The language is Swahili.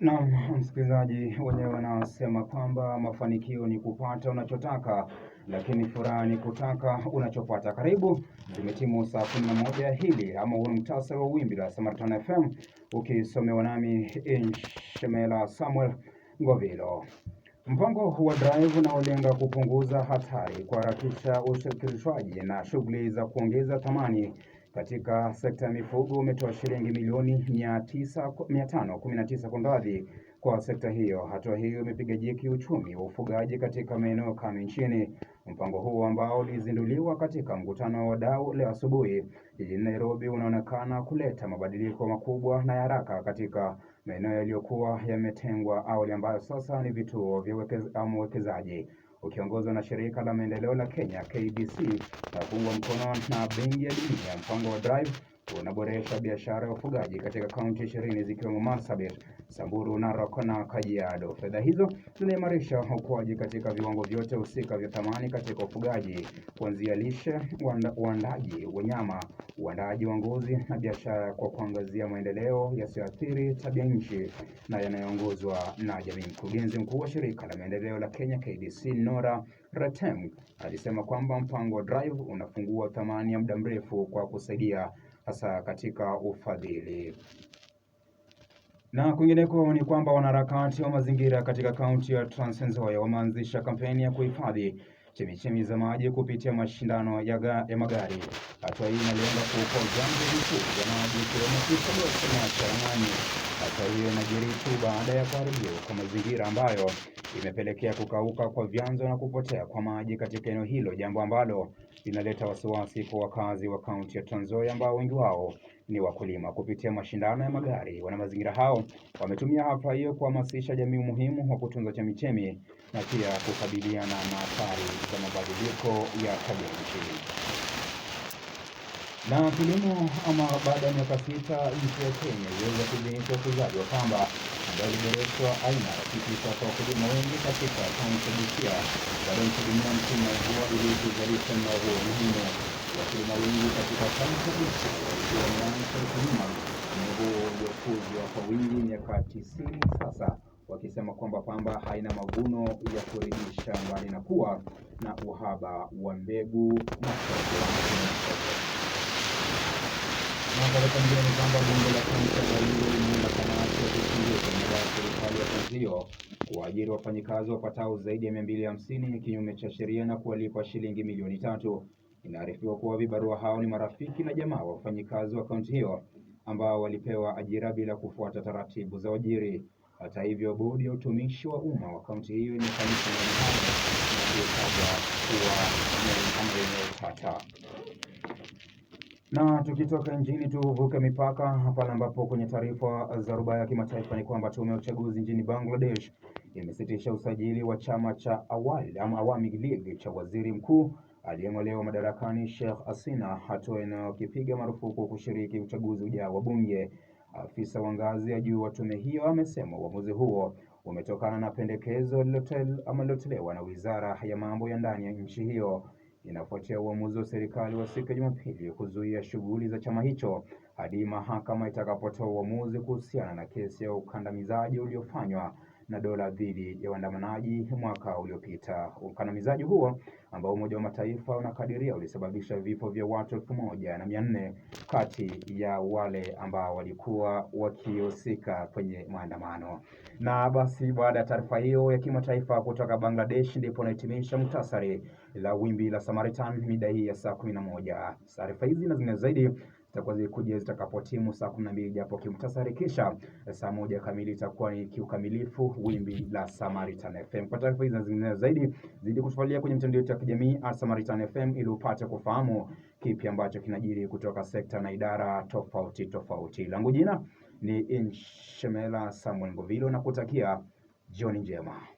Naam, msikilizaji, wenyewe wanasema kwamba mafanikio ni kupata unachotaka, lakini furaha ni kutaka unachopata. Karibu, tumetimu saa kumi na moja hili ama huu muhtasari wa wimbi la Samaritan FM ukisomewa nami Shemela Samuel Ngovilo. Mpango wa Drive unaolenga kupunguza hatari, kuharakisha ushirikishwaji na shughuli za kuongeza thamani katika sekta ya mifugo umetoa shilingi milioni 519 kunradhi, kwa sekta hiyo. Hatua hiyo imepiga jeki uchumi wa ufugaji katika maeneo kame nchini. Mpango huo ambao ulizinduliwa katika mkutano wa wadau leo asubuhi jijini Nairobi, unaonekana kuleta mabadiliko makubwa na ya haraka katika maeneo yaliyokuwa yametengwa awali ambayo sasa ni vituo vya uwekezaji ukiongozwa na shirika la maendeleo la Kenya KDC na kuungwa mkono na Benki ya Dunia, mpango wa Drive unaboresha biashara ya ufugaji katika kaunti ishirini zikiwemo Marsabit, Samburu, Narok na Kajiado. Fedha hizo zinaimarisha ukuaji katika viwango vyote husika vya thamani katika ufugaji, kuanzia lishe, uandaji wa nyama, uandaji wa ngozi na biashara, kwa kuangazia maendeleo yasiyoathiri tabia nchi na yanayoongozwa na jamii. Mkurugenzi mkuu wa shirika la maendeleo la Kenya KDC Nora Ratem alisema kwamba mpango wa Drive unafungua thamani ya muda mrefu kwa kusaidia hasa katika ufadhili. Na kwingineko ni kwamba wanaharakati wa mazingira katika kaunti ya Trans Nzoia wameanzisha kampeni ya kuhifadhi chemichemi za maji kupitia mashindano ya, ga, ya magari. Hatua hii inalenga kuokoa vyanzo vikuu vya maji ikiwemo kisima cha Amani. Hatua hiyo inajiri tu baada ya kuharibiwa kwa mazingira ambayo imepelekea kukauka kwa vyanzo na kupotea kwa maji katika eneo hilo, jambo ambalo linaleta wasiwasi kwa wakazi wa kaunti ya Trans Nzoia ambao wengi wao ni wakulima. Kupitia mashindano ya magari, wana mazingira hao wametumia hafla hiyo kuhamasisha jamii umuhimu wa kutunza chemichemi na pia kukabiliana na athari za mabadiliko ya tabia nchini na kilimo ama baada ya miaka sita nchi ya Kenya iliweza kuidhinisha ukuzaji wa pamba ambayo iliboreshwa aina rafiki sasa wakulima wengi katika kaunti ya Busia baada ya kutegemea msimu wa mvua ili kuzalisha mazao muhimu. Wakulima wengi katika kaunti ya Busia walikuwa wameanza kulima nguo uliokuzwa kwa wingi miaka tisini sasa wakisema kwamba pamba haina mavuno ya kuridhisha mbali na kuwa na uhaba wa mbegu na Mapelekano kwamba bunge la kaunti ya Baringo limeunda kamati ya kuchunguza serikali ya kaunti hiyo kuwaajiri wafanyikazi wapatao zaidi ya mia mbili hamsini kinyume cha sheria na kuwalipa shilingi milioni tatu. Inaarifiwa kuwa vibarua hao ni marafiki na jamaa wa wafanyikazi wa kaunti hiyo ambao walipewa ajira bila kufuata taratibu za uajiri. Hata hivyo, bodi ya utumishi wa umma wa kaunti hiyo imefanyika madai hayo na kuitaja kuwa ama yenye utata. Na tukitoka nchini tuvuke mipaka pale ambapo kwenye taarifa za rubaa ya kimataifa ni kwamba tume ya uchaguzi nchini Bangladesh imesitisha usajili wa chama cha awali ama Awami League cha waziri mkuu aliyeng'olewa madarakani Sheikh Hasina, hatua inayokipiga marufuku kushiriki uchaguzi ujao wa bunge. Afisa wa ngazi ya juu wa tume hiyo amesema uamuzi huo umetokana na pendekezo lilotolewa na wizara ya mambo ya ndani ya nchi hiyo inafuatia uamuzi wa serikali wa siku ya Jumapili kuzuia shughuli za chama hicho hadi mahakama itakapotoa uamuzi kuhusiana na kesi ya ukandamizaji uliofanywa na dola dhidi ya waandamanaji mwaka uliopita. Ukandamizaji huo ambao Umoja wa Mataifa unakadiria ulisababisha vifo vya watu elfu moja na mia nne kati ya wale ambao walikuwa wakihusika kwenye maandamano. Na basi baada ya taarifa hiyo ya kimataifa kutoka Bangladesh, ndipo nahitimisha muhtasari la wimbi la Samaritan mida hii ya saa kumi na moja. Taarifa hizi na zingine zaidi zitakuwa zikuje zitakapotimu saa kumi na mbili japo kimtasari, kisha saa moja kamili itakuwa ni kiukamilifu wimbi la Samaritan FM. Kwa taarifa hizi zingine zaidi, zidi kutufuatilia kwenye mitandao yetu ya kijamii Samaritan FM ili upate kufahamu kipi ambacho kinajiri kutoka sekta na idara tofauti tofauti. Langu jina ni Inshemela Samuel Ngovilo na kutakia jioni njema.